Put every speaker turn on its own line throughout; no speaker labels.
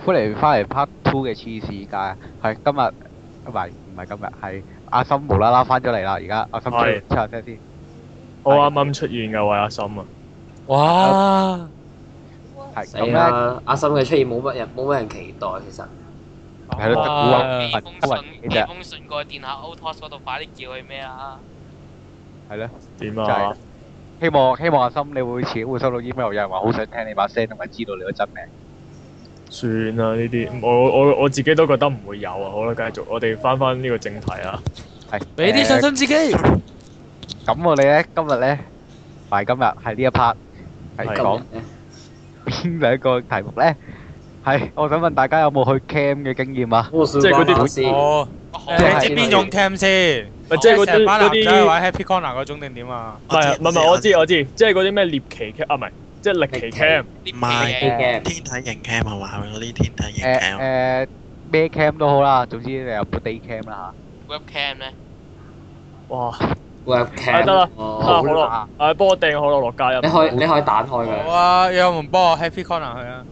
歡迎翻嚟 Part Two 嘅黐屎界，係今日唔係唔係今日係阿森無啦啦翻咗嚟啦，而家阿森出嚟出聲先。我
啱啱出現噶，我阿森啊。哇！係咁咧，阿
森嘅出現冇乜人冇乜人期待，其實。係
咯，得古韻。一封信，一
封
信過去電下 Otosh 嗰度，快啲叫佢咩啊？
係咧，點啊？
希望希望阿森，你會始終會收到 email，有人話好想聽你把聲，同埋知道你個真名。
算啦呢啲，我我我自己都覺得唔會有啊。好啦，繼續，我哋翻翻呢個正題啦。係，俾啲信心
自己。咁我哋咧今日咧，但係今日係呢一 part 係講邊一個題目咧？係，我想問大家有冇去 cam 嘅經驗啊？即係嗰啲老
師，你知邊種 cam 先？即係成班男仔玩
Happy Corner 嗰種定點
啊？唔係唔係，我知我知，即係嗰啲咩獵奇劇啊？唔係。即係力奇 cam，唔係天
體型 cam 係嘛？嗰啲天體型 cam。誒誒，咩 cam 都好啦，總之你有 day
cam 啦吓，web cam 咧。哇！web cam。得啦，得啦，好咯。誒，幫我訂可樂落架入。你可以，你可
以打開佢。好啊，有冇人幫我 happy corner 去啊？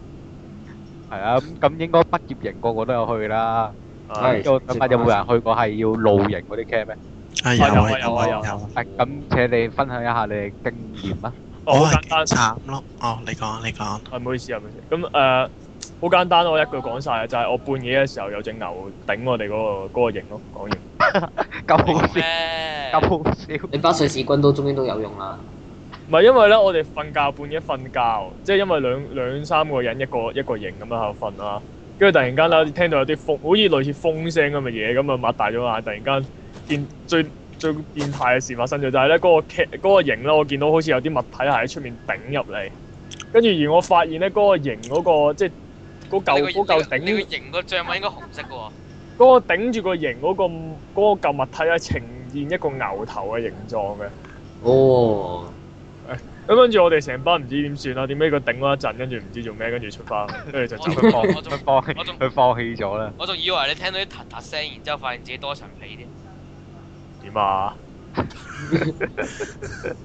係啊，咁咁應該畢業型個個都有去啦。係。咁啊，有冇人去過係要露營嗰啲 cam 咧？有啊有啊有啊。誒，咁請你分享一下
你嘅經驗啊。
好簡
單咯，哦，你講你講，係唔、哎、好意思啊，咁誒，好、呃、簡單我一句講晒啊，就係、是、我半夜嘅時候有隻牛頂我哋嗰、那個嗰、那個營咯，講完，夠， 笑，夠、欸、好笑，你把瑞士軍刀終於都有用啦，唔係因為咧，我哋瞓覺半夜瞓覺，即係因為兩兩三個人一個一個營咁啊瞓啦。跟住突然間咧聽到有啲風，好似類似風聲咁嘅嘢，咁啊擘大咗眼，突然間見最。最變態嘅事發生咗，就係咧嗰個劇嗰個形咧，我見到好似有啲物體係喺出面頂入嚟，跟住而我發現咧嗰個形嗰個即係嗰嚿嗰嚿頂你。你個
形個象紋應該紅色嘅喎。
嗰個頂住個形嗰個嗰個嚿物體啊，呈現一個牛頭嘅形狀嘅。哦，誒咁跟住我哋成班唔知點算啦，點解佢頂咗一陣，跟住唔知做咩，跟住出翻，跟住就走咗放，佢 放棄，佢放棄咗啦。
我仲以為你聽到啲突突聲，然之後發現
自己多層皮添。嘛，啊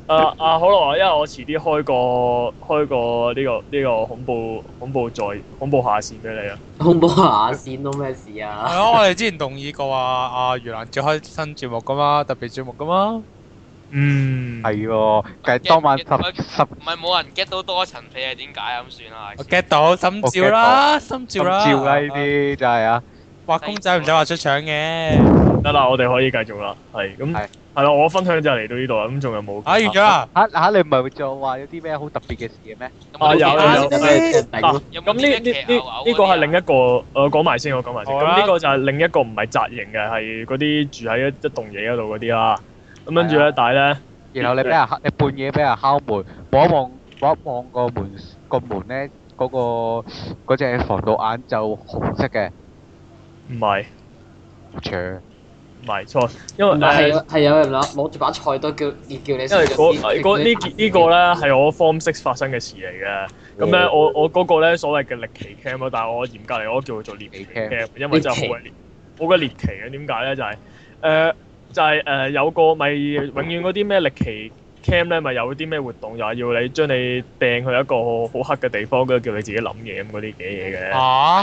啊、 uh, uh, 好啦，因為我遲啲開個開個呢、這個呢、這個恐怖恐怖在恐怖下線俾你啊，恐怖下線,怖下線都咩事啊？係 我哋
之前同意過啊啊，越南最開新節目噶嘛，特別節目噶嘛，
嗯係喎
但當晚十十唔
係冇人 get 到多層皮啊？點解咁算啊
？get 到心照啦，心照啦，照啦呢
啲就係啊，畫公仔唔使畫出腸嘅。得啦，我哋可以繼續啦，係咁係啦，我分享就嚟到呢度啦，咁仲有冇？講完咗啊？
吓吓，你唔係就話有啲咩好特別嘅事嘅咩？啊有有。咁呢呢
呢呢個係另一個，我講埋先，我講埋先。咁呢個就係另一個唔係宅型嘅，係嗰啲住喺一一棟嘢嗰度嗰啲啦。咁跟住咧，但係咧，然後你俾人，你半夜俾人敲門，望一望望一望個門個門咧，嗰個
嗰隻防盜眼就紅色嘅，唔係長
埋菜，因為係係有人攞攞住把菜刀叫叫你。因為嗰嗰呢呢個咧係我 form six 發生嘅事嚟嘅。咁咧我我嗰個咧所謂嘅歷奇 camp 但係我嚴格嚟，我叫佢做歷奇 c a m 因為真係好歷歷。我嘅歷奇點解咧就係誒就係誒有個咪永遠嗰啲咩歷奇 c a m 咧，咪有啲咩活動又係要你將你掟去一個好黑嘅地方，跟住叫你自己諗嘢咁嗰啲嘅嘢嘅。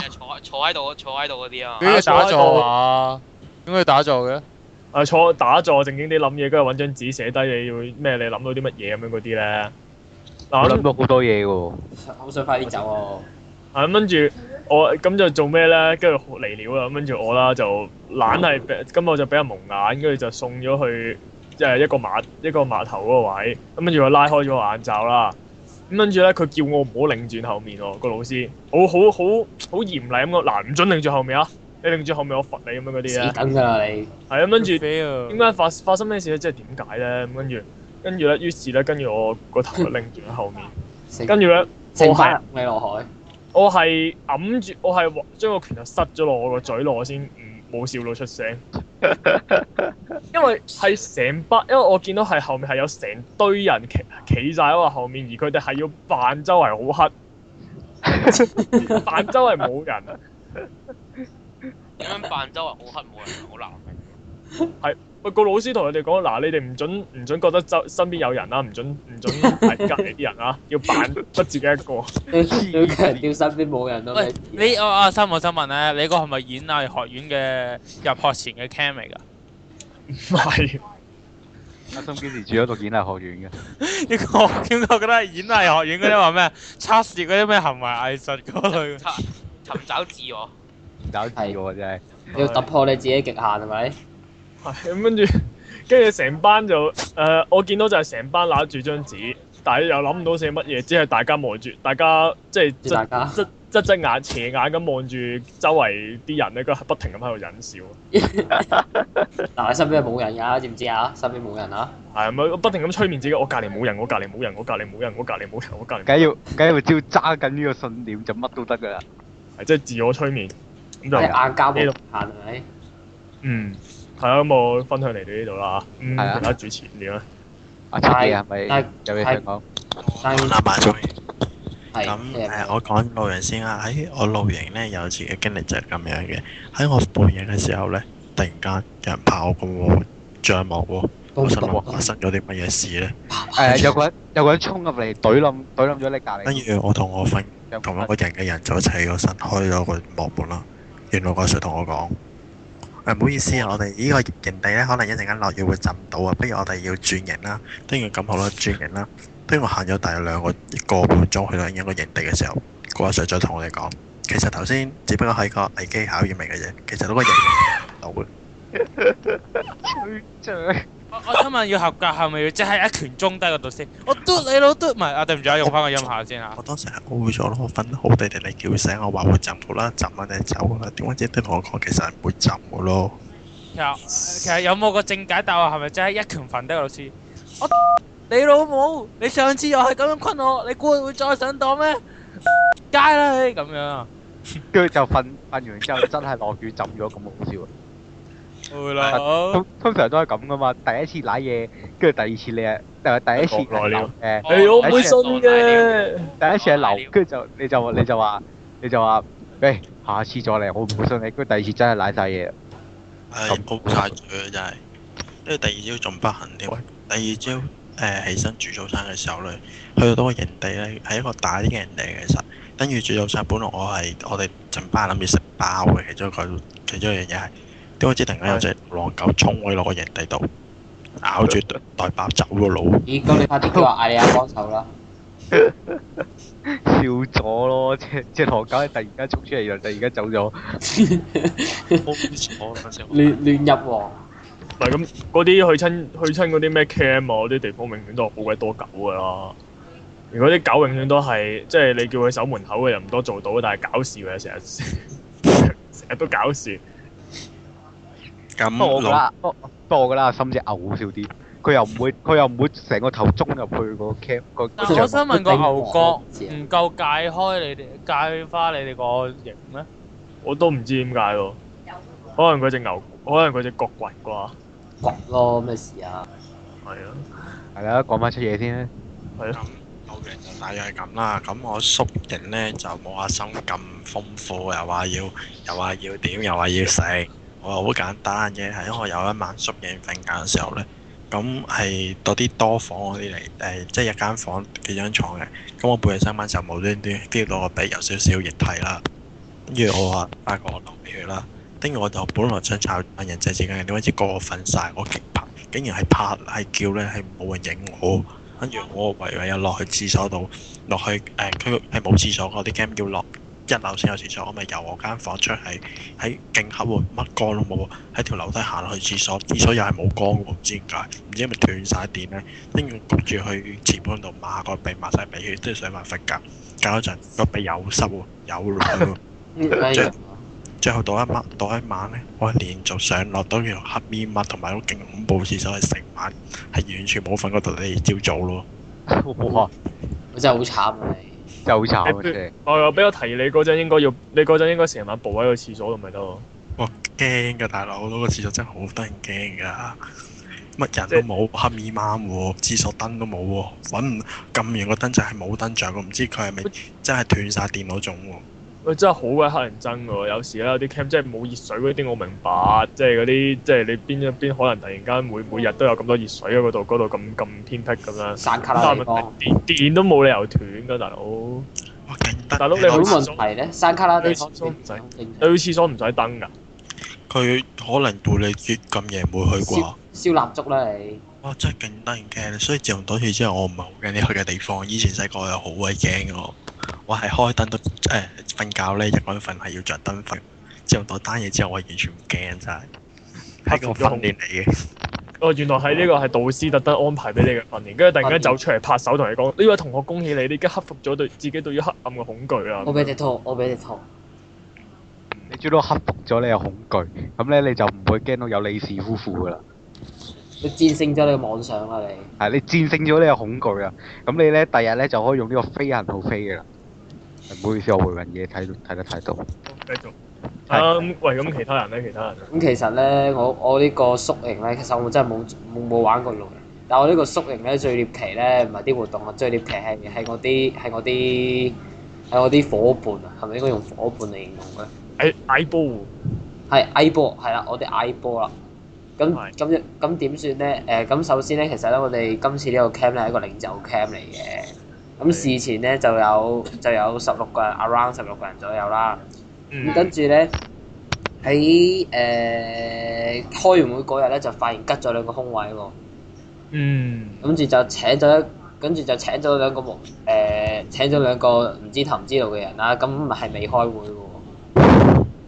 嚇！
坐坐喺度，
坐喺度嗰啲啊。打坐啊！
點解打坐嘅？啊，坐打坐，正經啲諗嘢，跟住搵張紙寫低你要咩？你諗到啲乜嘢咁樣嗰啲咧？嗱，諗到好多嘢喎。啊、好想快啲走啊！咁跟住我咁就做咩咧？跟住離了啦，跟住我啦，就懶係，咁、哦、我就俾人蒙眼，跟住就送咗去即係一個碼一個碼頭嗰個位。咁跟住我拉開咗個眼罩啦。咁跟住咧，佢叫我唔好擰轉後面喎，個老師，好好好好好好好我好好好嚴厲咁講，嗱，唔准擰轉後面啊！你擰住後面，我罰是你咁樣嗰啲啊？死梗啦你！係啊，跟住點解發發生咩事咧？即係點解咧？咁跟住，跟住咧，於是咧，跟住我個頭擰住喺後面，跟住咧，剩翻你落海。我係揞住，我係將個拳頭塞咗落我個嘴落，我先冇笑到出聲。 因為係成班，因為我見到係後面係有成堆人企企曬喺我後面，而佢哋係要扮周圍好黑，扮 周圍冇人啊。
點樣扮周圍
好黑，冇人係好難嘅。係 喂，個老師同你哋講，嗱，你哋唔准唔准覺得周身邊有人啦、啊，唔准唔准睇隔籬啲人啊，要扮得自己一個。要黐 身邊冇人都咪。
喂，你、哦、阿阿心，我想問咧，你個係咪演藝學院嘅入學前嘅 cam 嚟噶？
唔係 的， 阿心堅持住咗度演藝學院嘅。
呢 個點解覺得係演藝學院嗰啲話咩測試嗰啲咩行為藝術嗰
類？尋找自我。搞砌嘅喎真係，要突破你自己極限係咪？係咁跟住，跟住成班就誒，我見到就係成班攬住張紙，但係又諗唔到寫乜嘢，只係大家望住，大家即係側側側眼斜眼咁望住周圍啲人咧，都係不停咁喺度忍笑。但你身邊係冇人㗎，知唔知啊？身邊冇人啊？係我不停咁催眠自己，我隔離冇人，我隔離冇人，我隔離冇人，我隔離冇人，我隔離。梗要，梗係要，只要揸緊呢個信念就乜都得㗎啦。係即係自我催眠。即係眼交到行係咪？嗯，係啊，冇，分享嚟到呢度啦嚇。啊，大家主持
點啊？係咪？有嘢講？阿爸中意。係。咁誒，我講露營先啦。喺我露營咧，有次嘅經歷就係咁樣嘅。喺我背影嘅時候咧，突然間有人跑過嚟，帳幕喎，發生發生咗啲乜嘢事咧？誒，有個人有個人衝入嚟，懟冧懟冧咗你隔籬。跟住我同我瞓同一個人嘅人就一齊個身開咗個幕布啦。原來個阿 Sir 同我講，呃，唔好意思啊，我哋呢個營地呢，可能一陣間落雨會浸到啊，不如我哋要轉營啦。聽佢咁好啦，轉營啦。聽佢我行咗大約兩個個半鐘去到另一個營地嘅時候，個阿 Sir 再同我哋講，其實頭先只不過係個危機考驗嚟嘅啫，其實都係人做
嘅。 我想問要合格，係咪要即係一拳中低嗰度先？我嘟你老嘟唔係啊對唔住啊，用翻個音效先啊！我當時係
O 咗咯，我瞓得好地地，你叫醒我話會浸到啦，浸埋你走啦。點解只啲同我講其實係唔會浸嘅咯？
其實其實有冇個正解？但係係咪即係一拳瞓低個老師？我你老母，你上次又係咁樣困我，你估會唔會再上當咩？街啦，你咁
樣啊！跟住就瞓瞓完之後真係落雨浸咗，咁好笑。會啦、啊，通常都係咁噶嘛。第一次瀨嘢，跟住第二次你又又第一次瀨流，誒，我唔會信嘅。第一次係流，跟住就你就你就話你就話，誒、哎，下次再嚟，我唔會信你。跟住第二次真係瀨晒嘢。咁好
差咗真係。跟住第二朝仲、啊就是、不幸添。喂第二朝誒、呃、起身煮早餐嘅時候咧，去到嗰個營地咧，係一個大啲嘅營地其實。跟住煮早餐，本來我係我哋整班諗住食包嘅，其中一個其中一樣嘢係。點知突然間有隻狼狗衝去落個營地度，咬住袋包走咗路。咦？ 咁你拍啲
電話嗌
下幫手啦。
笑咗咯，隻隻狼
狗突然間衝出嚟，又突然間走咗。亂亂入喎！唔係咁， 嗰啲去親去親嗰啲咩 cam 啊，嗰啲地方永遠都係好鬼多狗噶啦。如果啲狗永遠都係，即係你叫佢守門口嘅又唔多做到，但係搞事嘅成日，成日都搞事。
不過我覺得，不過我覺得阿森隻牛好少啲。佢又唔會，佢又唔會成個頭中入
去個 cap 個。但係我想問個牛角
唔夠解開你哋解返你哋個型咩？
我都唔知點解喎。可能佢隻牛，可能佢隻
角滑啩。滑咯，咩事啊？
係咯。係啊，講翻出嘢先。係
咯。咁造型就大約係咁啦。咁我縮型咧就冇阿森咁豐富，又話要，又話要點，又話要食。我好簡單嘅，係因為有一晚縮影瞓覺嘅時候呢，咁係攞啲多房嗰啲嚟，誒即係一間房幾張床嘅，咁我半夜三晚就無端端啲攞個鼻有少少液體啦，跟住我話發覺我流鼻血啦，跟住我就本來想炒人仔時間點，或者個個瞓晒？我極拍，竟然係拍係叫呢，係冇人影我，跟住我唯唯又落去廁所度，落去誒佢係冇廁所嘅，啲 game 要落。一樓先有廁所，我咪由我間房出，喺喺勁黑喎，乜光都冇喎。喺條樓梯行落去廁所，廁所又係冇光喎，唔知點解，唔知因為斷晒電咧。拎住焗住去前邊度抹個鼻，抹晒鼻，鼻血，都要上埋瞓覺。搞咗一陣，個鼻有濕喎，有淚喎。最
後
最後到一晚，到一晚咧，我就連續上落都用黑面抹，同埋個勁恐怖廁所，係成晚係完全冇瞓過覺，嚟朝早咯。 我， 我真係好慘啊！你。又
臭嘅，我又俾我提你嗰陣應該要，你嗰陣應該成晚步喺個廁所度咪得咯。我驚噶大佬，嗰個廁所真係
好得人驚噶，乜人都冇，即黑咪媽冇，廁所燈都冇喎，搵唔撳完個燈就係冇燈着，唔知佢係咪真係斷晒電嗰種。
喂，真係好鬼乞人憎喎！有時啦，有啲 camp 即係冇熱水嗰啲，我明
白。嗯、即係嗰啲，
即係你邊一邊可能突然間每、嗯、每日都有咁多熱水喺嗰度嗰度咁咁偏僻咁樣。山卡拉地方電電都冇理由斷㗎，大佬。大佬你好，廁所？問題咧？
山卡拉啲廁
所，去廁所唔使燈㗎。
佢可能到你咁夜冇去啩？
燒蠟燭啦你。哇！真係
勁得人驚，所以自從多次之後我，我唔係好驚你去嘅地方。以前細個又好鬼驚我係開燈都誒瞓、欸、覺咧，一個人瞓係要着燈瞓。之後到單嘢之後，我完全唔驚，真係。
係個訓練嚟嘅。哦，原來係呢個係導師特登安排俾你嘅訓練。跟住、嗯、突然間走出嚟拍手同你講：呢位、嗯、同學恭喜你，你已經克服咗對自己對於黑暗嘅恐懼啦！我俾你拖，我俾
你拖。你最多克服咗你嘅恐懼，咁咧你，你就唔會驚到有李氏夫婦噶啦。
你戰勝咗你嘅妄想啦，你
係你戰勝咗你嘅恐懼啊！咁你咧第日咧就可以用呢個飛行號飛嘅啦。唔好意思，我回魂嘢，睇睇得太多。
繼續。係是、啊。喂，咁其他
人咧？其他人呢。咁、
嗯、其實咧，我我個形，呢個宿營咧，其實我真係冇冇冇玩過龍，但我個形，呢個宿營咧，最獵奇咧，唔係啲活動啊，最獵奇係係我啲係我啲係我啲伙伴啊，係咪應該用伙伴嚟形容咧？誒，I、哎哎、波。係 I、哎、波，係啦，我啲 I、哎、波啦。咁咁咁點算咧？誒咁、呃、首先咧，其實咧，我哋今次呢個 camp 咧係一個領袖 camp 嚟嘅。
咁事
前咧就有就有十六個人，around 十六個人左右啦。咁、嗯、跟住咧，喺誒、呃、開完會嗰日咧，就發現吉咗兩個空位喎。嗯。跟住就請咗，跟住就請咗兩個無誒，請咗、呃、兩個唔知頭唔知道嘅人啦。咁唔係未開會喎。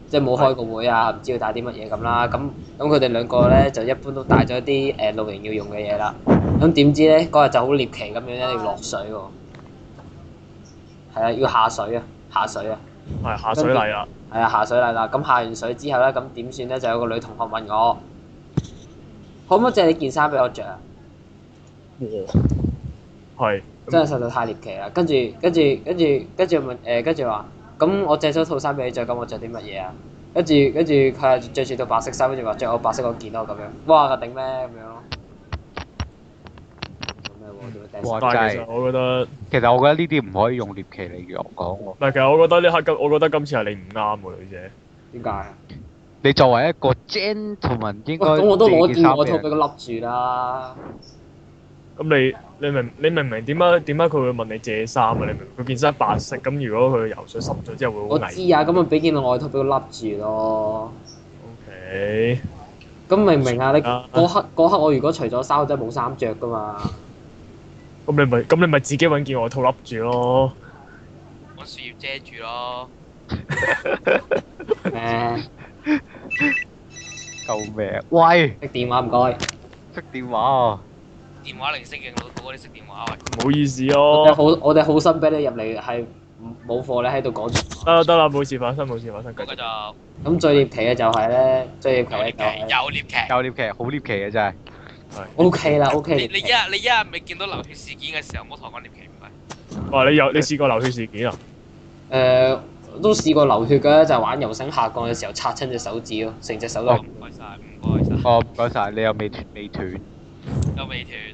即係冇開過會啊，唔知要帶啲乜嘢咁啦。咁咁佢哋兩個咧就一般都帶咗啲誒露營要用嘅嘢啦。咁點知咧嗰日就好獵奇咁樣咧要落水喎。係啊，要下水啊，下水啊。
係下
水禮啊！係啊，下水禮啦。咁下完水之後咧，咁點算咧？就有個女同學問我：可唔可以借你件衫俾我著啊？哇！係。真係實在太獵奇啦！跟住跟住跟住跟住問誒，跟住話。咁我借咗套衫俾你著，咁我著啲乜嘢啊？跟住跟住佢係著住套白色衫，跟住話著我白色嗰件咯咁樣。哇，定咩咁樣？但
係
其實我覺得，其實我覺得呢啲唔可以用獵奇嚟講喎。
但係，其實我覺得呢刻，我覺得今次係你唔啱喎，女仔。點解？你作為一個
gentleman，應該攞我套衫俾佢
笠住啦。咁你你，明你明唔明點解點解佢會問你借衫啊？你明？佢件衫白色，咁如果佢游水濕咗之後會好泥。我知
啊，咁咪俾件外套俾佢笠住咯。O K。咁明唔明啊？你嗰刻嗰刻我如果除咗衫，真係冇衫著㗎嘛？咁你咪
咁你咪自己揾件外套笠住咯。
揾樹葉
遮住咯。
救命！
喂。熄電話唔該。熄電話啊！電話嚟適應到嗰啲食電話啊！唔好意思哦。我哋好，我哋好心俾你入嚟，係冇貨你喺度講住。
得啦，得啦，冇事放心，冇事放心。
咁最獵奇嘅就係咧，最獵奇嘅
有獵奇，有獵奇，
好獵奇嘅真係。O K 啦，O K。你一日，你一日未見到流血事件嘅時候，唔好同
我講獵奇
唔係。哇！你有你試過流血事件啊？誒，都試過流血嘅，就係玩游繩下降嘅時候擦親隻手指咯，成隻手都。唔
該
晒，唔該晒！哦，唔該晒！你又未未斷。又未斷。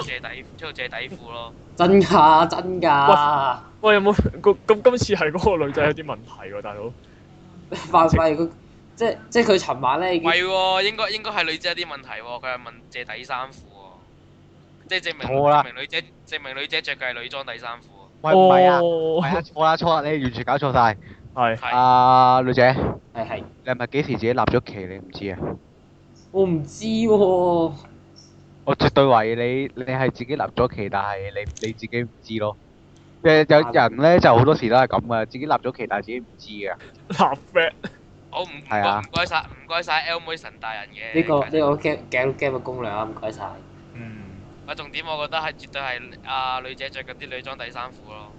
借底，出去借底
褲咯。真㗎，真㗎。喂，有冇？咁今次係嗰個女仔有啲問題喎，大佬。廢廢，即即佢尋晚咧。唔係
喎，應該應該係女仔有啲問題喎。佢係問借底衫褲喎。即證明。我啦。明女仔，證明女仔着嘅係女裝底衫褲。
喂，唔係啊，係啊，錯啦，錯啦，你完全搞錯晒！係係。啊，女仔，係係。你係咪幾時自己立咗旗你唔知啊？
我唔知喎。
我絕對懷疑你，你係自己立咗旗，但係你你自己唔知咯。誒、呃，有人咧就好多時都係咁噶，自己立咗旗但係自己唔知嘅。
立 flag
我唔該，唔該曬，唔該晒 l 妹神大人嘅。呢、這個
呢實個 game 嘅攻略
啊，唔該晒，
嗯。啊，重點我覺得係絕對係啊，女仔着緊啲女裝底衫
褲咯。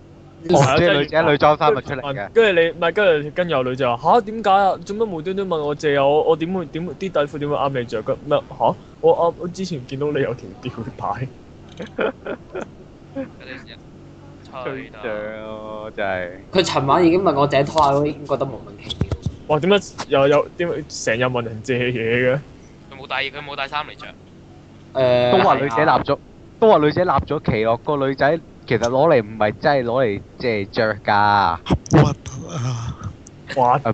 哦，即係女仔女裝翻出嚟嘅。跟住你，唔係跟住跟住女仔話嚇，點解啊？做乜無端端問我借啊？我我點會點啲底褲點會啱你著嘅？咩嚇？我我我之前見到你有條吊帶。哈哈哈！吹漲就係。佢尋晚已經問我借拖鞋，我已經覺得冇問題。哇！點解又有？點解成日問人借嘢嘅？佢冇帶嘢，
佢冇帶衫嚟著。
誒。都話女仔立咗，都話女仔立咗旗咯。個女仔。其實攞嚟唔係
真係攞嚟即係着噶。核突啊！核突！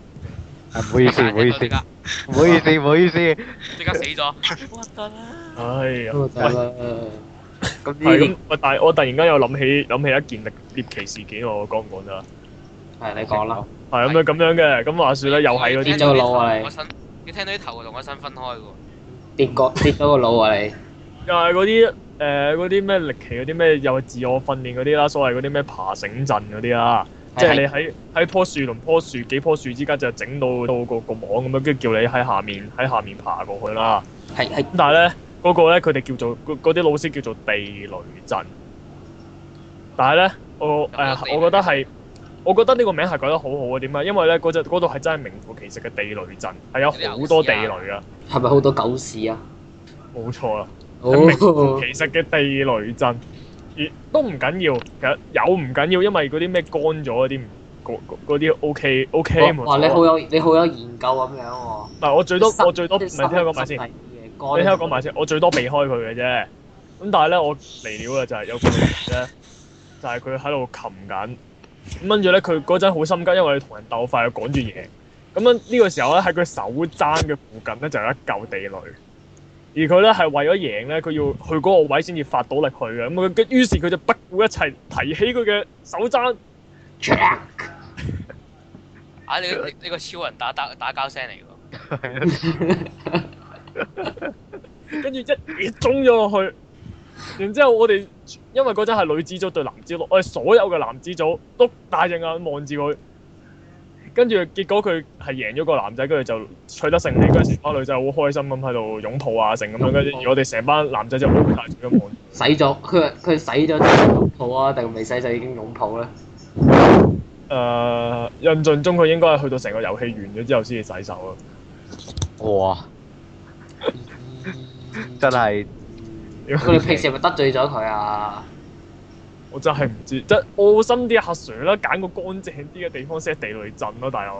唔好意思，唔好意思，唔好意思，唔好意思。即刻死咗！
核突啦！哎呀！核突啦！咁呢咁？喂，但係我突然間又諗起諗起一件獵奇事件喎，講唔講啊？係你講啦。係咁樣咁樣嘅，咁話說啦，又係嗰啲。跌咗個腦啊！你。個身，你
聽到啲頭同個身分開
嘅喎。跌角跌咗個腦啊！你。又係嗰啲。誒，嗰啲咩歷奇嗰啲咩又係自我訓練嗰啲啦，所謂嗰啲咩爬繩陣嗰啲啦，即係你喺喺是樖樹同樖樹幾棵樹之間就整到到個個網咁樣，跟住叫你喺下面喺下面爬過去啦。係係，但係咧嗰個咧，佢哋叫做嗰啲老師叫做地雷陣。但係咧，我誒、呃，我覺得係，我覺得呢個名係改得好好嘅。點解？因為咧嗰只度係真係名副其實嘅地雷陣，係有好多地雷是
是啊，係咪好多狗
屎啊？冇錯啦。明其實嘅地雷陣，亦都唔緊要，其實有唔緊要，因為嗰啲咩乾咗啲，嗰啲 O K O K 你好有你好有研
究咁樣喎、
啊。但我最多身我最多，唔，你，身你先聽我講埋先。你聽我講埋先，我最多避開佢嘅啫。咁但係咧，我嚟料嘅就係有件事咧，就係佢喺度擒緊。咁跟住咧，佢嗰陣好心急，因為同人鬥快，講住嘢。咁樣呢個時候咧，喺佢手踭嘅附近咧，就有一嚿地雷。而佢咧係為咗贏咧，佢要去嗰個位先至發到力去嘅。咁啊，於是佢就不顧一切提起佢嘅手踭， 啊！你
你你個超人打打打交聲嚟
㗎， 跟住一中咗落去，然之後我哋因為嗰陣係女子組對男子組，我哋所有嘅男子組都大隻眼望住佢。跟住結果佢係贏咗個男仔，跟住就取得勝利。跟住成班女仔好開心咁喺度擁抱啊，成咁樣。跟住我哋成班男仔就冇帶住咗忙。洗咗佢，佢洗咗先擁抱啊，定未洗就已經擁抱咧？誒、呃，印象中佢應該係去到成個遊戲完咗之後先至洗手啊！哇，嗯、 真係！佢哋平時係咪得罪咗佢啊？我真係唔知，即係安心啲阿 s 啦，揀個乾淨啲嘅地方先寫地雷陣咯，啊，大佬。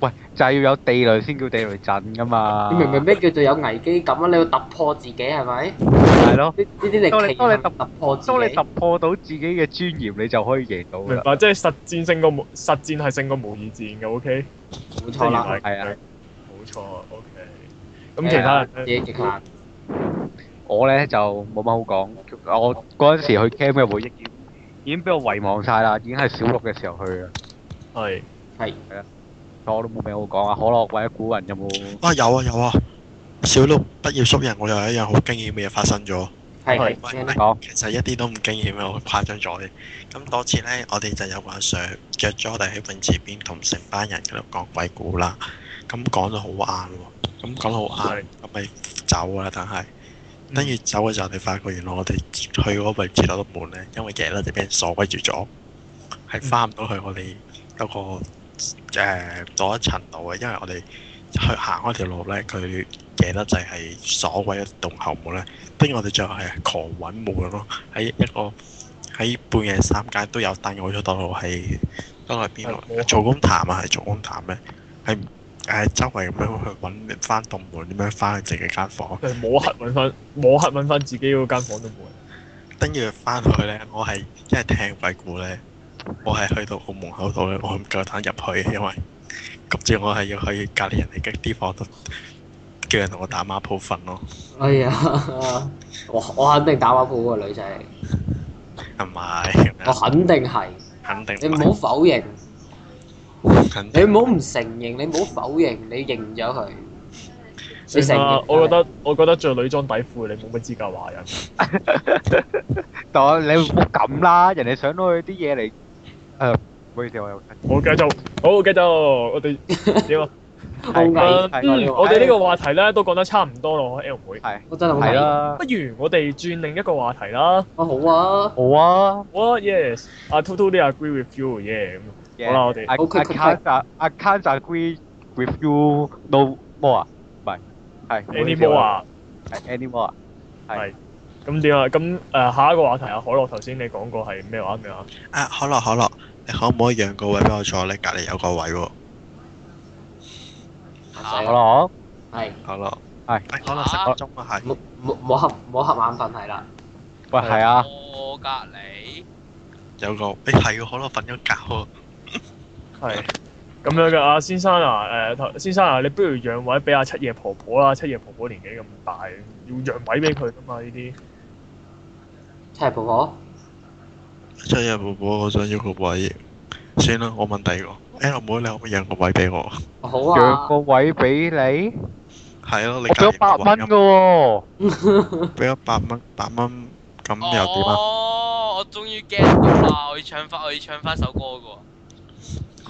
喂，就係、是、要有地雷先叫地雷陣噶嘛。 你明唔明
咩叫做有危機感啊？你要突破
自己係咪？係咯。呢啲嚟，當你當你突破，當你
突破到自己嘅尊嚴，你就可以贏到啦。即係實戰勝過，過無，實戰係勝過無二戰嘅，OK。冇錯啦，係啊。冇錯，OK。咁其他人自己食。
我咧就冇乜好講，我嗰陣時去 camp 嘅回憶已經俾我遺忘晒啦，已經係小六嘅時候去嘅。係係係啊，咁我都冇
咩好講啊。可樂或者古雲有冇？啊有啊有啊，小六畢業縮人，我又有一樣好驚險嘅嘢發生咗。係唔係？唔係，其實一啲都唔驚險啊！我誇張咗嘅。咁多次咧，我哋就有位阿 Sir 約咗我哋喺泳池邊同成班人喺度講鬼故啦。咁講咗好晏喎，咁講得好晏，咁咪走啦。但係。跟住走嘅時候，你哋發覺原來我哋去嗰個別廁所門咧，因為嘅得就俾人鎖閂住咗，係翻唔到去我哋嗰、那個誒、呃、一層樓嘅，因為我哋去行開條路咧，佢嘅得就係鎖閂一棟後門咧。跟住我哋最後係狂揾門咯，喺一個喺半夜三更都有燈嘅嗰條道路係嗰個邊度？做工潭啊，係做工潭咩？係誒，周圍咁樣去搵翻棟門，點樣翻去自己間房摸？
摸黑搵翻，
摸黑搵翻自己嗰間房都冇。跟住翻去咧，我係一係聽鬼故咧，我係去到澳門口度咧，我唔夠膽入去，因為，跟住我係要去隔籬人哋嘅啲房都叫人同我打孖鋪瞓咯。哎
呀，我肯我肯定打孖鋪個女仔。
係咪？我
肯定係。肯定。你唔好否認。你唔好唔承認，你
唔好否認，你認咗佢。啊、
你承認我。我覺得
我覺得著女裝底褲，你冇乜資格話人。
但係你唔好咁啦，人哋想攞去啲嘢，嚟、啊。誒
冇嘢嘅，我繼續，好繼續，我哋接落。
好啦，我哋呢個
話題咧都講得差唔多咯，L 妹。係。我真係好。係啦。不如我哋轉另一個話題啦。啊好啊。
好啊。
我 yes。啊，totally agree with you，yeah。係。我哋。I I can't I can't
agree
with you no more。唔係。係。Any more 啊？係。Any more 啊？係。咁點啊？咁誒下一個話題啊，可樂頭先你講過係咩話咩話？
啊可樂可樂，你可唔可以讓個位俾我坐？你隔離有個位喎。可樂，係可樂，係可能成個鐘
啊，係冇冇冇冇瞌眼
瞓係啦。喂，係啊，我隔籬有個，誒係可能瞓咗覺
啊。係咁樣噶，阿先生啊，誒，先生啊，你不如讓位俾阿七爺婆婆啦，七爺婆婆年紀咁大，要讓位俾佢噶嘛呢啲。七爺婆
婆，七爺婆婆，我想要個位。算啦，我問第二個。誒，阿妹，你可唔可以讓個位俾我？
好啊。讓個位俾你。
係咯，你夾一百蚊噶
喎。
俾一百蚊，百蚊咁又點啊？哦，我終
於驚到啦！我要唱翻，我要唱翻首歌噶喎。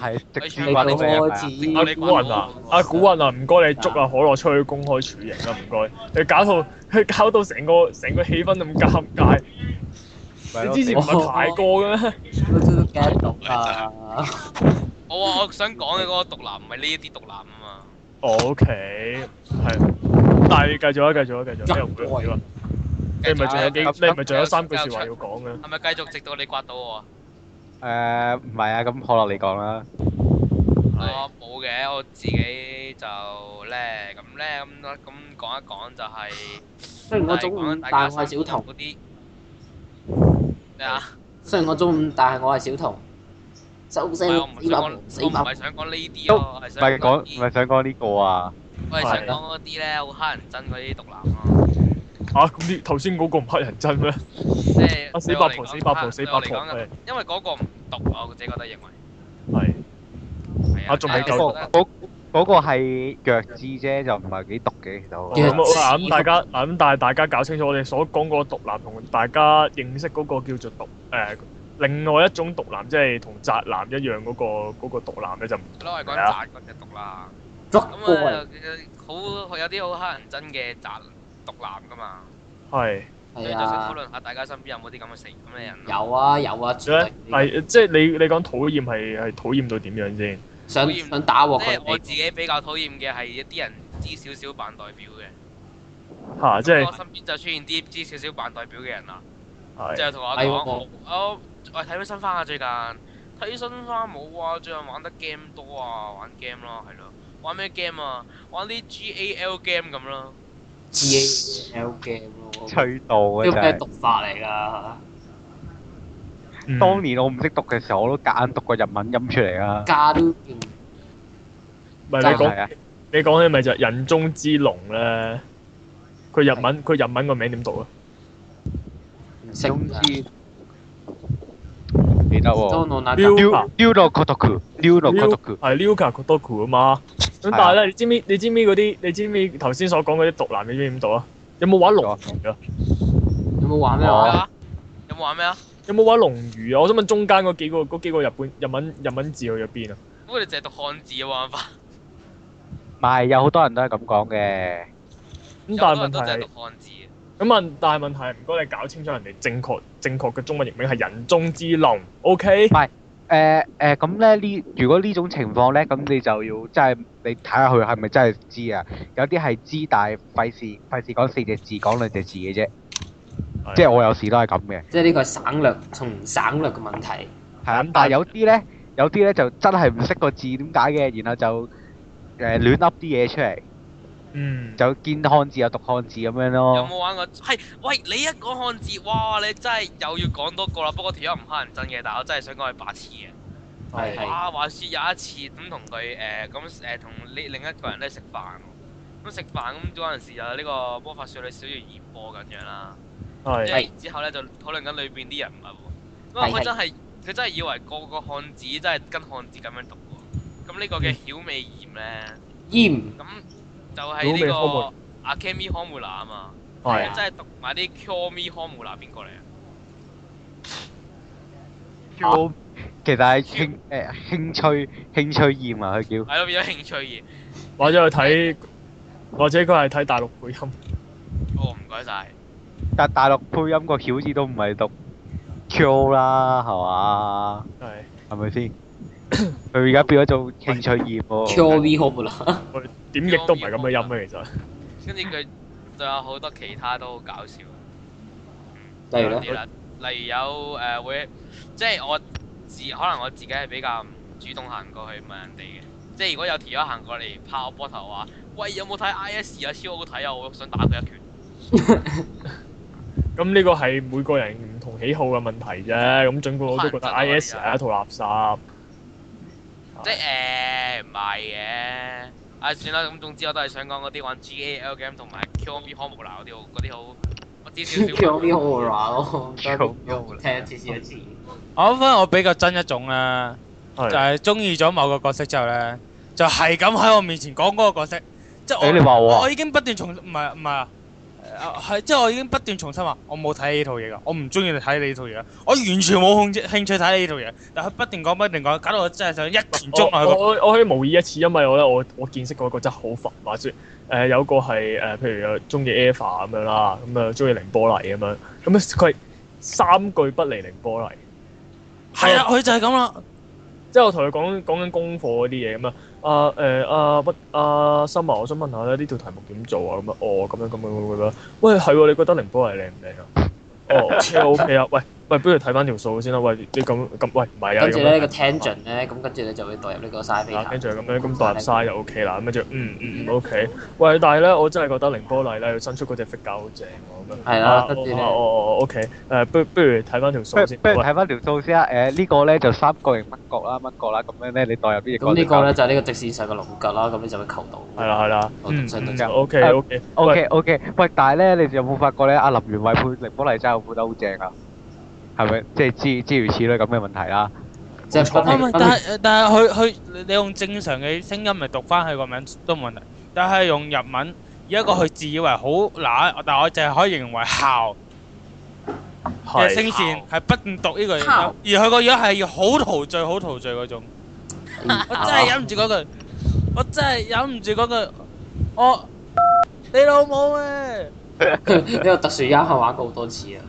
係的天，你
都唔知。阿
古云啊，阿古云啊，唔該你捉阿可樂出去公開處刑啦，唔該。你搞到，佢搞到成個成個氣氛咁尷尬。你之前唔係太過嘅咩？我真係驚到啊！
好啊，我想講嘅嗰個
獨立唔係呢一啲獨立啊嘛。O K，係，但係繼續啊，繼續啊，繼續。唔該。你唔係仲有幾？你唔係仲有三句説話
要講嘅？係咪繼續直到你刮到我？
誒，唔係啊，咁可落你講啦。
我冇嘅，我自己就咧咁咧咁咁講一講就係。雖然我中午，但係我係小童
嗰啲。咩啊？雖然我中午，但係我係小童。
我唔係想講
呢啲咯，係想講啲。唔係唔係想講呢個啊。我係想講嗰
啲咧，
好乞人憎嗰啲毒男啊。啊，咁啲頭先嗰個唔乞人憎咩？阿死八婆，死八婆，死八婆。係，因
為嗰個唔毒，我自己
覺得認為。係。阿仲係嗰個？嗰嗰個係弱智啫，就唔係幾毒嘅其實。咁啊咁，大家啊咁，但係大家搞清楚我哋所講嗰個毒男同大家認識嗰個叫做毒誒。另外一種獨男，即係同宅男一樣嗰、那個嗰獨、那個、男咧就唔
係啊，咁啊好有
啲好乞人憎嘅宅獨男㗎嘛。係是。所以就想討論下大家身邊有冇啲咁嘅成咁嘅人，啊有啊。有啊有啊，仲即係你你講討厭係係討厭到點樣先？想煉想打鑊佢。我
自己比較討厭嘅係一啲人知少少扮代表嘅。
嚇、啊！即、就、係、是。我身
邊就出現啲知少少扮代表嘅人啦。
即
係同我講，我我睇咩新番啊？最近睇新番冇啊！最近玩得 game 多啊，玩 game 咯，係咯，玩咩 game 啊？玩啲 GAL game 咁咯，GAL game
咯，吹導嘅真係，都咩讀
法嚟㗎？
當年
我唔識讀嘅時候，我都夾硬讀個日文音出嚟啦。加都唔咪你講，你講起咪就係人中之龍咧？佢日文，佢日文個名點讀啊？先知，你嗱我。劉劉
劉國德，
劉國德。係劉家國德嗎？咁但係咧，你知唔知？你知唔知嗰啲？你知唔知頭先所講嗰啲毒男你知唔知道啊？有冇玩龍魚啊？有冇玩咩啊？有冇玩咩啊？有冇玩龍魚啊？我想問中間嗰幾個嗰幾個日本日文日文字去咗邊啊？不
過你淨係讀漢字啊，冇辦法。
唔係，有好多人都係咁講嘅。咁但係問題。好多人都係讀漢字。咁問，但係問題，唔該你搞清楚人哋正確正確嘅中文譯名係人中之龍
，OK？唔係、呃，誒、呃、誒，咁咧呢？如果呢種情況咧，咁你就要即係你睇下佢係咪真係知啊？有啲係知，但係費事費事講四隻字，講兩隻字嘅啫。的即係我有時都係咁嘅。即係呢個省略同省略嘅問題。係啊，但係有啲咧，有啲咧就真係唔識個字點解嘅，然後就誒亂噏啲嘢出嚟。嗯，就見漢字又讀漢字咁樣咯。有冇
玩過？係，喂，你一講漢字，哇，你真係又要講多個啦。不過條友唔乞人憎嘅，但係我真係想講佢白痴
嘅。係啊，
話說有一次咁同佢誒咁誒同呢另一個人咧食飯，咁食飯咁嗰陣時啊呢個魔法少女小圓熱播咁樣啦。係之後咧就討論緊裏邊啲人唔係喎，咁佢真係佢真係以為個個漢字真係跟漢字咁樣讀喎。咁呢個嘅曉美焰咧，焰咁。就係呢、
這個阿 k h e m i e 康姆娜啊姆嘛，係、哦、啊，即係讀埋啲 Qmi 康姆娜邊個嚟啊？Q，其實係興誒、欸、興趣興趣鹽啊，佢叫係咯變咗興趣鹽，或者去睇，或者佢係睇大陸配音。哦，唔
該
晒，但大陸配音個巧字都唔係讀 Q 啦，係嘛？
係是。係咪先？佢而家變咗做興趣業喎， 點譯都唔係咁嘅音啊！其實，
跟住佢仲有好多其他都好搞笑，例如
咧，
例如有誒、呃、會，即係我自可能我自己係比較主動行過去問人哋嘅，即係如果有條友行過嚟，拍我膊頭話，喂，有冇睇 I S 啊？超好睇啊！我想打佢一拳。
咁呢 個係每個人唔同喜好嘅問題啫。咁盡管我都覺得 I、啊、S 係 一套垃圾。
即誒唔係嘅，啊、呃、算啦，咁總之我都係想講嗰啲玩 GAL game 同埋 QV horror 嗰啲好嗰啲好，我知少少 QV horror 咯，聽一次
先一次。嗯、我諗
返我比較憎一種啦，就係中意咗某個角色之後咧，的就係咁喺我面前講嗰個角色，即我、欸、你話我，我已經不斷從唔係唔係啊。係、呃，即係我已經不斷重申話，我冇睇呢套嘢㗎，我唔中意你睇呢套嘢，我完全冇興趣興趣睇呢套嘢。但佢不斷講，不斷講，搞到我真係想一拳捉落去。我
我，我可以模擬一次，因為我咧，我我見識過一個真係好煩，或者誒有個係誒、呃，譬如中意 Eva 咁樣啦，咁啊中意凌波麗咁樣，咁啊佢三句不離凌波麗，係啊，佢就係咁啦。即係我同佢講講緊功課嗰啲嘢咁啊。啊，誒，啊，不，啊，心華，我想問下咧呢條題目點做啊咁樣哦咁樣咁樣咁樣喂係喎，你覺得寧波係靚唔靚啊？哦、 uh, oh, OK OK 啊喂。喂，不如睇翻條數先啦。喂，你咁咁，喂唔係啊。跟住咧呢個 tangent 咧，咁跟住咧就會代入呢個 side 啦。跟住咁樣，咁代入 side 就 O K 啦。咁跟住嗯嗯嗯 O K。喂，但係咧，我真係覺得凌波麗咧佢新出嗰隻 figure 好正喎。咁樣係啦，得啲。哦哦哦，O K。誒，不不如睇翻條數先。不如睇翻條數先啊！誒，
呢個咧就三角形乜
角啦，乜角啦，咁樣咧你代入呢咁呢個咧就係呢個直線上嘅龍格啦。咁你就會求到。係啦係啦。O K
O K O K O K。喂，但係咧，你有冇發覺咧？阿林原惠配凌波麗真係配得好正啊！係咪即係諸諸如此類咁嘅問題啦？即係是但係
是但係佢佢你用正常嘅聲音嚟讀翻佢個名都冇問題，但係用日文，而一個佢自以為好難，但我淨係可以認為孝即係聲線係是 How? 不斷讀呢句，How? 而佢個樣係要好陶醉，好陶醉嗰種。How? 我真係忍唔住嗰句，我真係忍唔住嗰句，我你老母啊！
呢 個特殊音係玩過好多次啊！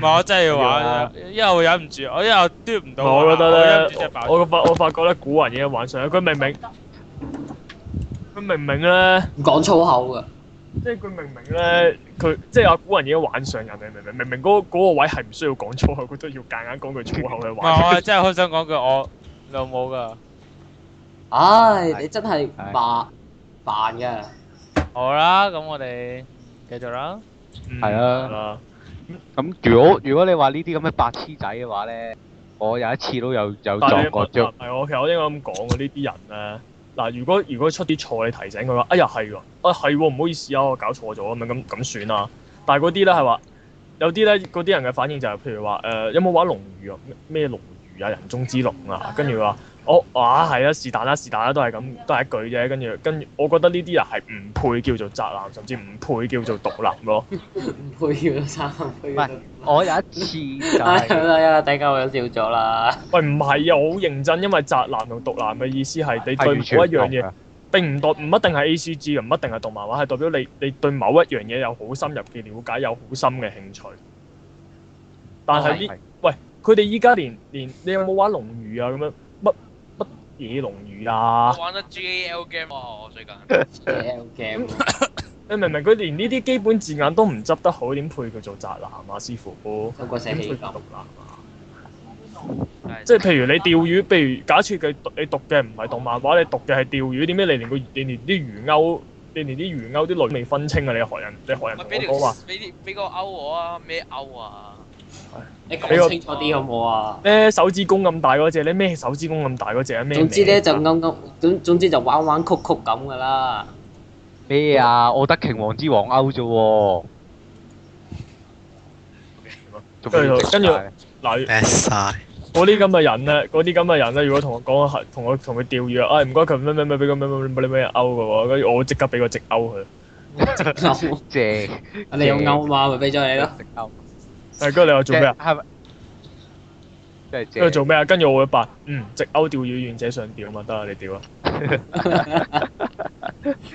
唔係，我真係要玩，因為我忍唔住，我因為端唔到。我覺得咧，我發我發覺咧，古人已經玩上，佢明明，佢明明咧。唔講粗口噶，即係佢明明咧，佢即係我古人已經玩上人哋，明明明明明明嗰嗰個位係唔需要講粗口，佢都要夾硬講句粗口嚟玩。唔係，我真係好想講句我老母噶。
唉，你真係扮
扮嘅。好啦，咁我哋繼續啦。係啊。
咁如果如果你話呢啲咁嘅白痴仔嘅話咧，我有一次都有有撞過樽。係、啊、我其實我應該咁講嘅呢啲人咧。嗱、啊，如果如果出啲錯，你提醒佢話，哎呀係喎，啊係喎，唔好意思啊，我搞錯咗咁樣，咁咁算啦。但係嗰啲咧係話，有啲咧嗰啲人嘅反應就係、是，譬如話誒、呃、有冇玩龍魚啊？咩龍魚啊？人中之龍啊？跟住話。我啊，係、哦、啊，是但啦，是但啦，都係咁，都係一句啫。跟住，跟住，我覺得呢啲人係唔配叫做宅男，甚至唔配叫做毒男咯。唔
配
叫做宅男，唔係。我有一次啊，大家會笑咗啦。喂，唔係啊，好認真，因為宅男同毒男嘅意思係你對某一樣嘢並唔代，唔一定係 A C G，唔一定係動漫畫，係代表你你對某一樣嘢有好深入嘅了解，有好深嘅興趣。但係呢，的喂，佢哋依家連連，你有冇玩龍魚啊？咁樣。野龍魚啊！我玩
得 G A L
game 啊、哦，我最近
G A L game。 你明唔明佢連呢啲基本字眼都唔執得好，點配佢做宅男啊？師傅，佢個寫字唔即係譬如你釣魚，譬如假設佢讀你讀嘅唔係動漫畫，你讀嘅係釣魚，點解你連個你連啲魚鈎，你連啲魚鈎啲類未分清啊？你學人，你學人我好話、啊。俾
啲
俾個鈎我啊，咩鈎啊？你講清楚
啲好唔好啊？咩手指公咁大嗰隻你咩？手指公咁大嗰隻啊？總之咧就咁咁總總之就彎彎曲曲咁噶啦。
咩啊？我得鷹王之王勾啫喎。跟住跟住嗱，
我啲咁嘅人咧，嗰啲咁嘅人咧，如果同我講同我同佢釣魚啊，唉，唔該佢咩咩咩俾個咩咩俾你咩勾噶喎，跟住我即刻俾個直勾佢。直勾謝。你用勾嘛？咪俾咗你咯。直勾。大哥，住、 哎、你話
做咩啊？跟住做
咩啊？跟住我會扮嗯，直鈎釣魚願者上釣啊嘛，得啦，你釣啦。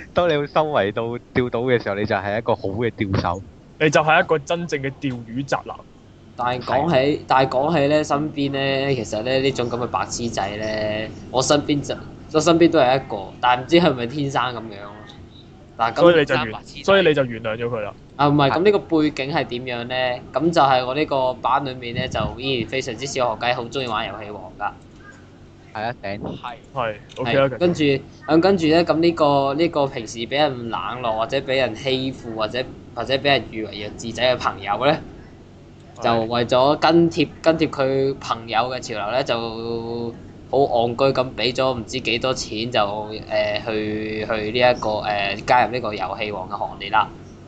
當你收圍到釣到嘅時候，你就係一個好嘅釣手。你就係一
個真正嘅釣魚宅男。
但係講起，是但係講起咧，身邊咧，其實咧，呢這種咁嘅白痴仔咧，我身邊就我身邊都係一個，但係唔知係咪天生咁樣。所以你就
所以你就原諒咗佢啦。啊唔係。咁呢個背
景係點樣呢？咁就係我呢個班裏面呢，就依然非常之小學雞，好中意玩遊戲王噶。係啊，頂。 係。係、嗯嗯。跟住，咁跟住呢，咁呢、呢個呢、呢個平時俾人冷落，或者俾人欺負，或者或者俾人譽為弱智仔嘅朋友呢， 是就為咗跟貼跟貼佢朋友嘅潮流呢，就好戇居咁俾咗唔知幾多錢就誒、呃、去去呢、呢、一個誒、呃、加入呢個遊戲王嘅行列啦。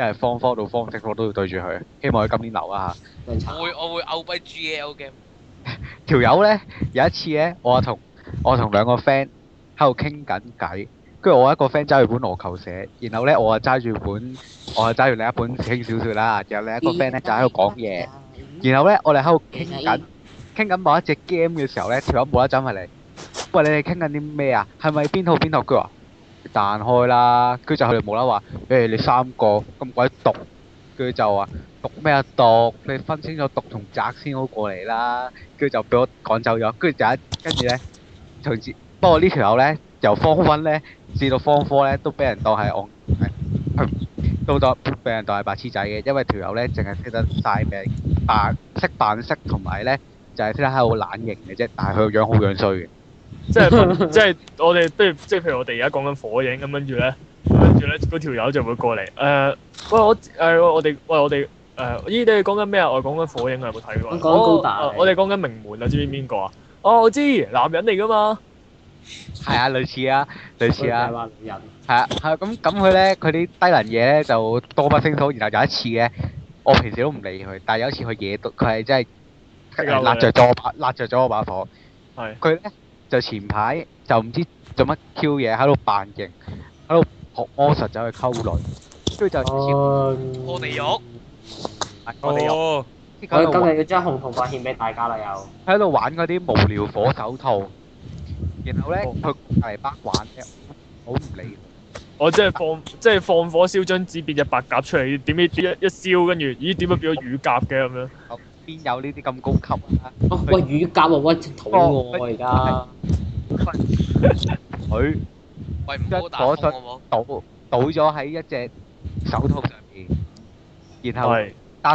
一係方科到方正科都要對住佢，希望佢今年留啊！我
會我會 out buy G A L game。
條友咧有一次咧，我啊同我同兩個 friend 喺度傾緊偈，跟住我一個 friend 揸住本羅球社，然後咧我啊揸住本我啊揸住另一本輕小說啦，然後另一個 friend 咧就喺度講嘢，然後咧我哋喺度傾緊傾緊某一隻 game 嘅時候咧，條友冇一針係你，喂，你哋傾緊啲咩啊？係咪邊套邊套佢？彈開啦，跟住就佢哋冇啦話，譬如、欸、你三個咁鬼毒，跟住就話毒咩啊毒，你分清楚毒同擲先好過嚟啦，跟住就俾我趕走咗，跟住就一跟住咧，從至不過呢條友咧，由方分咧至到方科咧，都俾人當係我。係佢到咗俾人當係白痴仔嘅，因為條友咧淨係識得晒咩扮識扮識，同埋咧
就係、是、識得喺度懶型嘅啫，但係佢個樣好樣衰嘅。 即係即係我哋，即係即係，譬如我哋而家講緊火影咁跟住咧，跟住咧，嗰條友就會過嚟。誒、呃，喂我誒，我哋喂我哋誒，咦你哋講緊咩啊？我講緊、呃、火影啊，有冇睇過我哋講緊名門啊，知唔知邊個啊？嗯、哦，我知，男人嚟噶嘛。係啊，類似啊，
類似啊。係話人。係啊係咁咁，佢咧佢啲低能嘢咧就多不勝數。然後有一次嘅，我平時都唔理佢，但係有一次佢惹到，佢係真係、
呃、辣
着咗我把辣着咗我把火。係的。佢就前排就唔知做乜 Q 嘢喺度扮型，喺度學魔術走去溝女，跟
住就我破、um，地獄。哦、oh.，咁你要
將紅
同發獻俾大家啦
又。喺度玩嗰啲無聊火手套，然後咧佢係北玩，好唔理。我即係放即係、就是、放火燒張紙變隻白鴿出嚟，點知點一一燒，跟住咦點解變咗乳鴿嘅咁樣？邊有呢啲咁高級啊？哦喂，乳
鴿我喂，肚餓而家。腿
一坐身倒倒咗喺一隻手套上邊，然後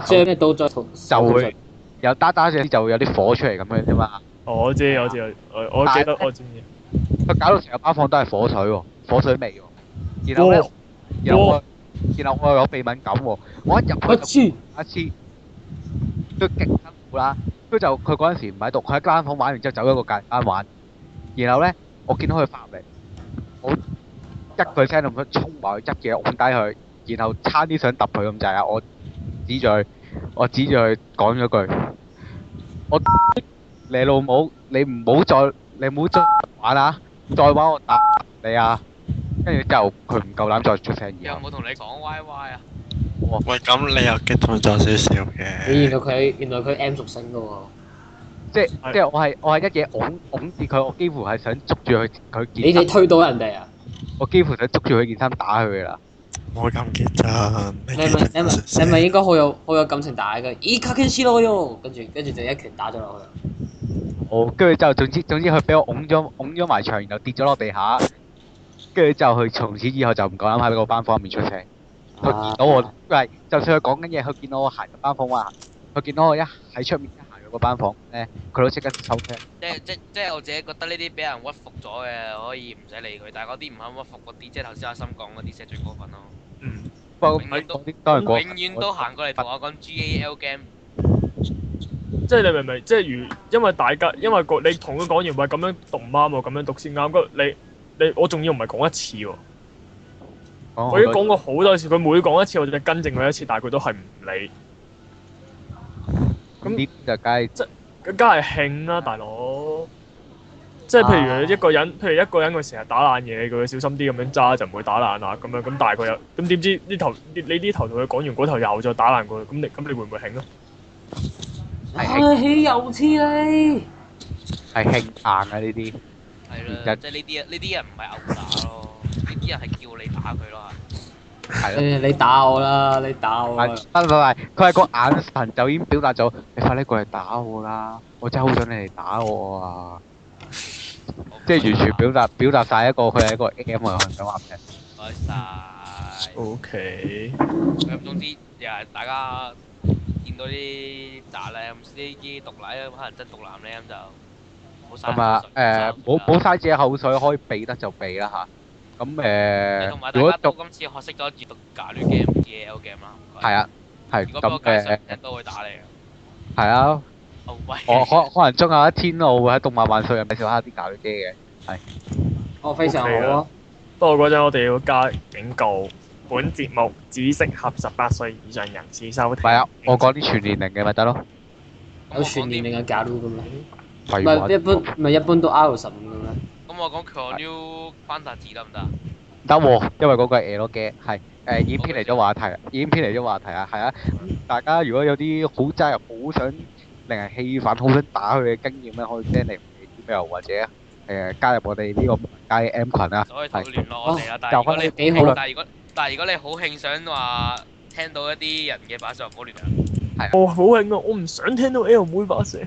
將隻倒咗就會又打打上就會有啲火出嚟咁樣啫嘛。我知
我知我我知我知。
佢搞到成個包房都係火水喎，火水味喎。然後咧，
然後，然後我又有鼻敏感
喎。我一入去一次一次。都極辛苦啦，都就佢嗰陣時唔喺度，佢喺間房玩完之後走咗個間間玩，然後咧我見到佢發嚟，我一句聲都唔想衝埋去一嘢按低佢，然後差啲想揼佢咁滯啊，我指住佢，我指住佢講咗句，我你老母你唔好再你唔好再玩啦，再玩我打你啊，跟住之後佢唔夠膽再出聲而家。
有冇同你講歪歪啊？喂，
咁
你又激動咗少少嘅。
你原來佢原來佢 M 屬性噶喎，即係即係我係我係一嘢擁
擁跌佢，我幾乎係想捉住佢佢件。你你推到人哋啊？我幾乎想捉住佢件衫打佢啦。冇咁激進。你咪
你咪你咪應該好有好有感情打嘅，咦卡金斯咯喲，跟住跟住就一拳打咗
落去。哦，跟住就總之總之佢俾我擁咗擁咗埋牆，然後跌咗落地下，跟住就佢從此以後就唔敢喺嗰班房入面出聲。佢見到我，唔係，就算佢講緊嘢，佢見到我行入班房話，佢見到我一喺出面一行入個班房咧，佢都即刻收聲。即即即我自己覺得
呢啲俾人屈服咗嘅，可以唔使理佢。但係嗰啲唔肯屈服嗰啲，即係頭先阿心講嗰啲先最過分咯。嗯，
永遠都永
遠都行過嚟同我講 GALgame。
即係你明唔明？即係如因為大家因為個你同佢講完，唔係咁樣讀啱喎，咁樣讀先啱。嗰你你我仲要唔係講一次喎？我已經講過好多次，佢每講一次，我就跟正佢一次，但係佢都係唔理。咁就梗係即係，梗係興啦，大佬。即係譬如一個人，譬如一個人，佢成日打爛嘢，佢會小心啲咁樣揸，就唔會打爛啦。咁樣咁，大概佢又咁點知呢頭呢呢頭同佢講完，嗰頭又再打爛佢。咁你咁你會唔會興咯？唉、哎，
又黐你。
係興硬啊呢啲。係啦，即係呢啲啊，
呢啲人唔係牛打咯。
呢啲人係叫你打佢咯，係咯。誒，你
打我啦，你打我。唔係唔係，佢係個眼神就已經表達咗，你快啲過嚟打我啦！我真係好想你嚟打我啊！即係完全表達表達晒一個，佢係一個 M 啊，想話咩？晒。OK。咁總之又係大家見到啲渣咧，咁呢啲毒奶啊，可能
真係毒男咧，咁就唔好嘥。咁
啊，誒，冇冇嘥自己口水，可以避得就避啦吓。咁誒，如果讀今
次學識咗要讀假亂
game 嘅 L game 啊，係啊，係。如
果
俾我介紹，人都會打你。係啊。喂。我可可能將下一天路會喺動漫萬歲入面做下啲假亂 game 嘅，
係。我非常好啊。不過嗰陣我哋要加警告，本節目只適合十八歲以上人士收聽。係啊，我講啲全
年齡嘅咪得咯。
都全年齡嘅假亂
咁
啦。咪一般，
咪一般都 R 十五咁啦。
咁我講《Kung Fu》翻達字得唔得啊？得喎，因為嗰句係《Air Game》，係誒已經偏離咗話題，已經偏離咗話題啊，係啊！大家如果有啲好加入、好想令人氣憤、好想打佢嘅經驗咧，可以 send 嚟 email 或者誒加入我哋呢個街 M 羣啊，可以聯絡我哋啊。但係如果你幾興，但係如果但係如果你好興想話聽
到一啲人嘅把聲，唔
好聯絡。係。我好興啊！我唔想聽到 L 妹把聲。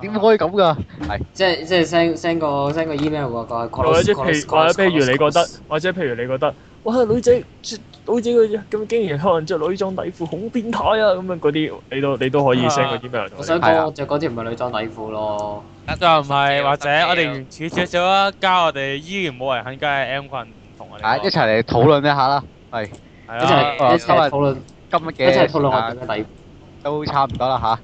點可以咁噶？係即係即係 send send 個 send 個 email
個個。或者譬或者譬如你覺得，或者譬如你覺得，哇女仔即係好似佢咁，竟然可能着女裝底褲，好變態啊！咁樣嗰啲，你都你都可以 send 個 email。我想講着嗰啲唔係女裝底褲咯。
就唔係，或者我哋少少少啦，加我哋依然冇人肯加嘅 M 群同
我哋。係一齊嚟討論一下啦。
係。
係啊。一齊討論。今日嘅啊。一齊討論下女
底。都差唔多啦吓。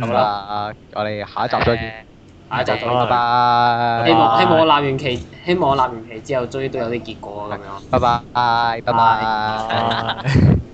好啦，我哋下一集再見。
下一集再見 拜
拜， 希望 希望我攬
完期，希望我攬完期之後，終於都有啲結果咁樣。 拜拜， 拜拜。